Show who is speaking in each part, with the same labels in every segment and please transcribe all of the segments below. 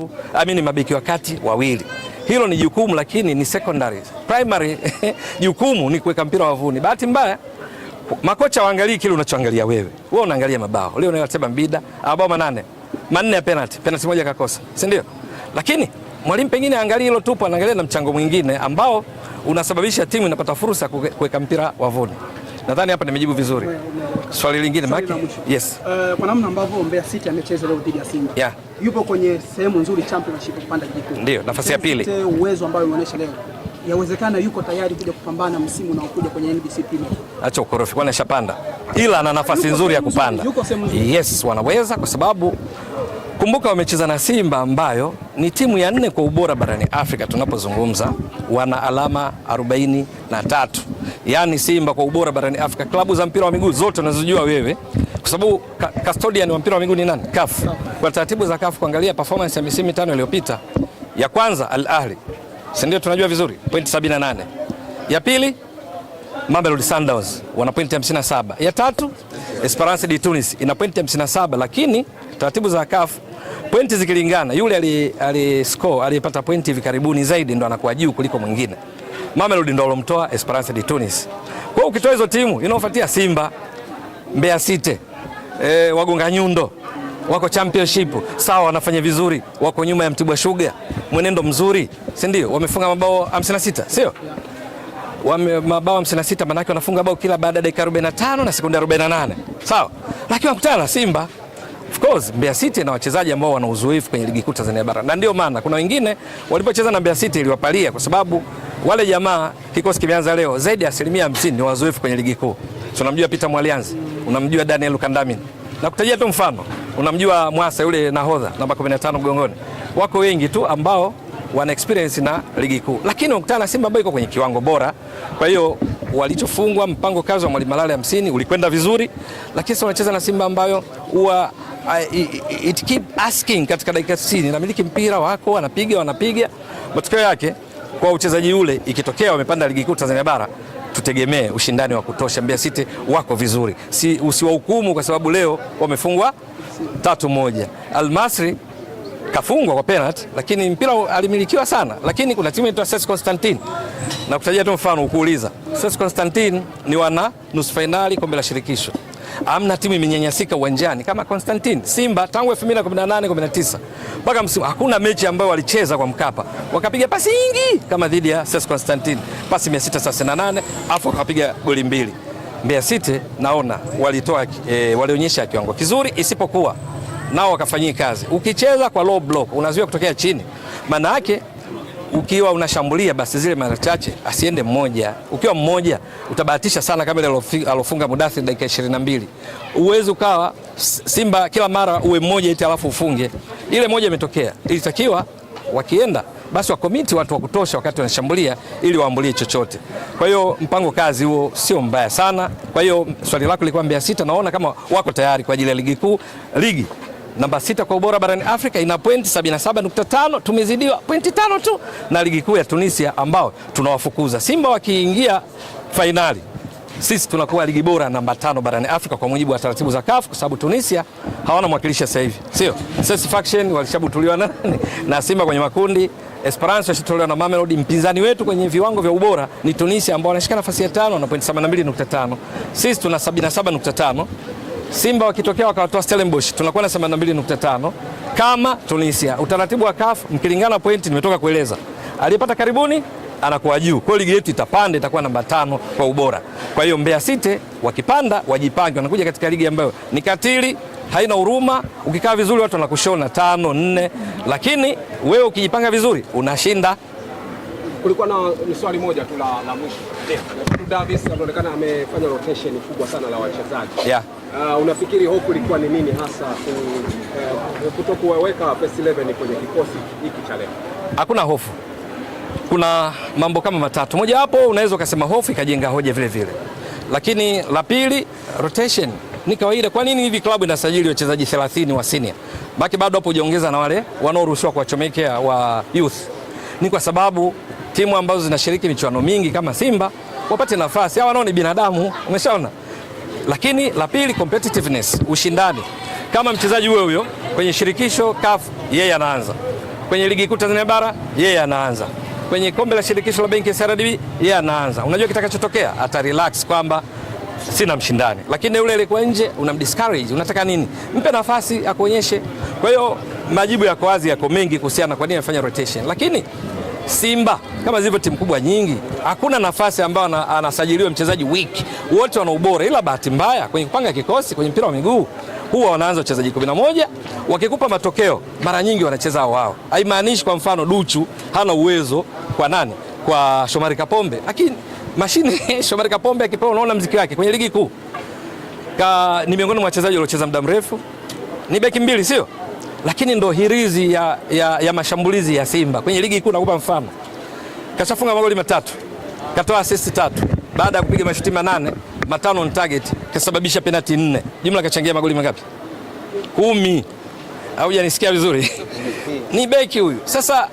Speaker 1: watatu, ni mabeki wa kati wawili. Hilo ni jukumu, lakini ni secondary. Primary jukumu ni kuweka mpira wavuni. Bahati mbaya makocha waangalie kile unachoangalia wewe. Wewe unaangalia mabao. Leo unasema Mbida mabao manane, manne ya penalty, penalty moja kakosa, si ndio? Lakini mwalimu pengine angalie hilo tupo, anaangalia na mchango mwingine ambao unasababisha timu inapata fursa kuweka mpira wavuni. Nadhani hapa nimejibu vizuri. Swali lingine maki? Yes.
Speaker 2: Uh, kwa namna ambavyo Mbeya City amecheza leo dhidi ya Simba. Yeah. Yupo kwenye sehemu nzuri championship kupanda ligi kuu.
Speaker 1: Ndio, nafasi ya pili.
Speaker 2: Uwezo ambao umeonyesha leo. Yawezekana yuko tayari kuja kupambana msimu unaokuja kwenye NBC Premier.
Speaker 1: Acha ukorofi kwani ashapanda. Ila ana nafasi nzuri ya kupanda. Yuko sehemu nzuri. Yes, wanaweza kwa sababu kumbuka wamecheza na Simba ambayo ni timu ya nne kwa ubora barani Afrika tunapozungumza, wana alama 43 yani Simba kwa ubora barani Afrika. Klabu za mpira wa miguu zote unazojua wewe, kwa sababu custodian wa mpira wa miguu ni nani? CAF. Kwa taratibu za CAF, kuangalia performance ya misimu mitano iliyopita, ya kwanza Al Ahli, si ndio? Tunajua vizuri point 78, ya pili Mamelodi Sundowns wana point 57, ya tatu Esperance de Tunis ina point 57, lakini taratibu za CAF pointi zikilingana, yule aliyescore aliyepata pointi hivi karibuni zaidi ndo anakuwa juu kuliko mwingine. Mamelodi ndio alomtoa Esperance de Tunis. Kwa ukitoa hizo timu inaofuatia Simba, Mbeya City, e, Wagonga Nyundo wako championship sawa, wanafanya vizuri, wako nyuma ya Mtibwa Sugar, mwenendo mzuri, si ndio? Wamefunga mabao 56, sio? Wame mabao 56, manake wanafunga bao kila baada ya dakika 45 na sekunde 48, sawa. Lakini wakutana na Simba Of course Mbeya City na wachezaji ambao wana uzoefu kwenye ligi kuu Tanzania bara, na ndio maana kuna wengine walipocheza na Mbeya City iliwapalia, kwa sababu wale jamaa, kikosi kimeanza leo, zaidi ya asilimia hamsini ni wazoefu kwenye ligi kuu. Tunamjua Peter Mwalianzi, unamjua Daniel Kandamin, na kutajia tu mfano, unamjua Mwasa yule nahodha namba 15 mgongoni. Wako wengi tu ambao wana experience na ligi kuu, lakini ukutana na Simba ambayo iko kwenye kiwango bora. Kwa hiyo walichofungwa, mpango kazi wa Mwalimu Malale 50 ulikwenda vizuri, lakini sasa wanacheza na Simba ambayo huwa uh, it keep asking katika dakika 60 inamiliki mpira wako, wanapiga wanapiga. Matokeo yake kwa uchezaji ule, ikitokea wamepanda ligi kuu Tanzania bara tutegemee ushindani wa kutosha. Mbeya City wako vizuri, si usiwahukumu kwa sababu leo wamefungwa tatu moja. Almasri kafungwa kwa penalty, lakini mpira alimilikiwa sana, lakini kuna timu inaitwa Ses Constantine na kutajia tu mfano ukuuliza Ses Constantine ni wana nusu fainali kombe la shirikisho amna timu imenyanyasika uwanjani kama Constantine. Simba tangu 2018 19 mpaka msimu hakuna mechi ambayo walicheza kwa Mkapa wakapiga pasi nyingi kama dhidi ya SES Constantine, pasi 638 afu wakapiga goli mbili. Mbeya City naona walitoa e, walionyesha kiwango kizuri, isipokuwa nao wakafanyia kazi. Ukicheza kwa low block unazuia kutokea chini, maana yake ukiwa unashambulia basi zile mara chache asiende mmoja. Ukiwa mmoja utabahatisha sana, kama ile alofunga Mudathi dakika 22. Uwezi ukawa Simba kila mara uwe mmoja eti alafu ufunge. Ile moja imetokea, ilitakiwa wakienda basi wakomiti watu wa kutosha wakati wanashambulia ili waambulie chochote. Kwa hiyo mpango kazi huo sio mbaya sana. Kwa hiyo swali lako lilikuwa Mbeya sita naona kama wako tayari kwa ajili ya ligi kuu, ligi namba sita kwa ubora barani Afrika ina pointi 77.5, tumezidiwa pointi tano tu na ligi kuu ya Tunisia ambao tunawafukuza. Simba wakiingia fainali sisi tunakuwa ligi bora namba tano barani Afrika kwa mujibu wa taratibu za CAF, kwa sababu Tunisia hawana mwakilishi sasa hivi, sio Satisfaction walishabutuliwa na, na Simba kwenye makundi. Esperance washatolewa na Mamelodi. Mpinzani wetu kwenye viwango vya ubora ni Tunisia ambao wanashika nafasi ya tano na pointi 72.5, sisi tuna 77.5. Simba wakitokea wakawatoa Stellenbosch tunakuwa na 82.5 kama Tunisia. Utaratibu wa CAF mkilingana pointi nimetoka kueleza. Aliyepata karibuni anakuwa juu. Kwa ligi yetu itapanda itakuwa namba tano kwa ubora. Kwa hiyo Mbeya City wakipanda wajipange, wanakuja katika ligi ambayo ni katili, haina huruma. Ukikaa vizuri watu wanakushona tano nne, lakini wewe ukijipanga vizuri unashinda
Speaker 2: kulikuwa na ni swali moja tu la, la mwisho yeah. Davis anaonekana amefanya rotation kubwa sana la wachezaji yeah. Uh, unafikiri hofu ilikuwa ni nini hasa uh, kutokuweka best 11 kwenye kikosi hiki cha leo?
Speaker 1: Hakuna hofu, kuna mambo kama matatu. Moja hapo unaweza ukasema hofu ikajenga hoja vile vile, lakini la pili rotation ni kawaida. Kwa nini hivi klabu inasajili wachezaji 30 wa senior baki bado hapo hujaongeza na wale wanaoruhusiwa kuwachomekea wa youth? Ni kwa sababu timu ambazo zinashiriki michuano mingi kama Simba wapate nafasi. Hawa nao ni binadamu, umeshaona. Lakini la pili, competitiveness, ushindani. Kama mchezaji huyo huyo kwenye shirikisho CAF, yeye anaanza kwenye ligi kuu Tanzania bara, yeye anaanza kwenye kombe la shirikisho la benki ya CRDB, yeye anaanza. Unajua kitakachotokea, ata relax kwamba sina mshindani, lakini yule alikuwa nje unamdiscourage. Unataka nini? Mpe nafasi akuonyeshe. Kwa hiyo majibu yako wazi, yako mengi kuhusiana kwa nini amefanya rotation, lakini Simba kama zilivyo timu kubwa nyingi, hakuna nafasi ambayo anasajiliwa mchezaji wiki, wote wana ubora, ila bahati mbaya kwenye kupanga kikosi kwenye mpira wa miguu huwa wanaanza wachezaji 11 wakikupa matokeo mara nyingi wanacheza wao. Haimaanishi kwa mfano Duchu hana uwezo kwa nani, kwa Shomari Kapombe, lakini mashine Shomari Kapombe akipewa, unaona mziki wake kwenye ligi kuu, ni miongoni mwa wachezaji waliocheza muda mrefu, ni beki mbili, sio lakini ndo hirizi ya, ya, ya mashambulizi ya Simba kwenye ligi kuu. Nakupa mfano, kashafunga magoli matatu, katoa asisti tatu, baada ya kupiga mashuti manane, matano on target, kasababisha penalti nne, jumla kachangia magoli mangapi? Kumi. Haujanisikia vizuri? ni beki huyu. Sasa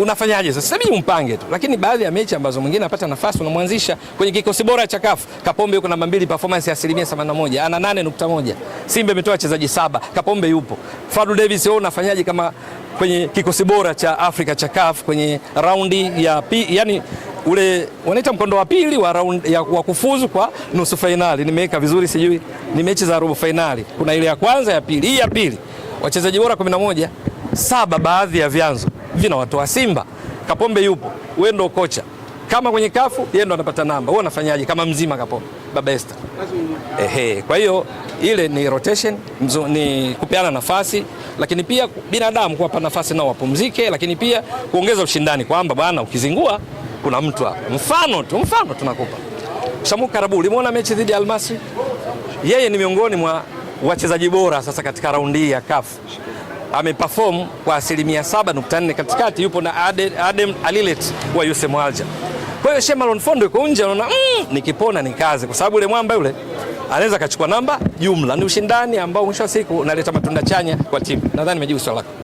Speaker 1: unafanyaje sasa? Mimi umpange tu, lakini baadhi ya mechi ambazo mwingine anapata nafasi unamwanzisha kwenye kikosi bora cha CAF. Kapombe yuko namba mbili, performance ya asilimia 81, ana 8.1. Simba imetoa wachezaji saba, Kapombe yupo. Fadlu Davis wewe unafanyaje kama kwenye kikosi bora cha Afrika cha CAF kwenye raundi ya pi, yani ule wanaita mkondo wa pili wa round ya wa kufuzu kwa nusu fainali. Nimeweka vizuri, sijui ni mechi za robo fainali, kuna ile ya kwanza, ya pili. Hii ya pili wachezaji bora 11 saba, baadhi ya vyanzo vinawatoa Simba. Kapombe yupo, wewe ndio kocha kama kwenye kafu yeye ndo anapata namba. Wewe unafanyaje kama mzima kapo baba Esther? Ehe, kwa hiyo ile ni rotation mzo, ni kupeana nafasi, lakini pia binadamu kuwapa nafasi nao wapumzike, lakini pia kuongeza ushindani kwamba bwana, ukizingua kuna mtu hapa. Mfano tu mfano tunakupa Shamu Karabu, ulimwona mechi dhidi ya Almasi? Yeye ni miongoni mwa wachezaji bora sasa katika raundi ya kafu ameperform kwa asilimia 7.4 katikati, yupo na Adem Alilet wa USM Alger. Kwa hiyo Shemalon Fondo yuko nje anaona mm, nikipona ni kazi, kwa sababu yule mwamba yule anaweza akachukua namba jumla. Ni ushindani ambao mwisho wa siku unaleta matunda chanya kwa timu. Nadhani nimejibu swali lako.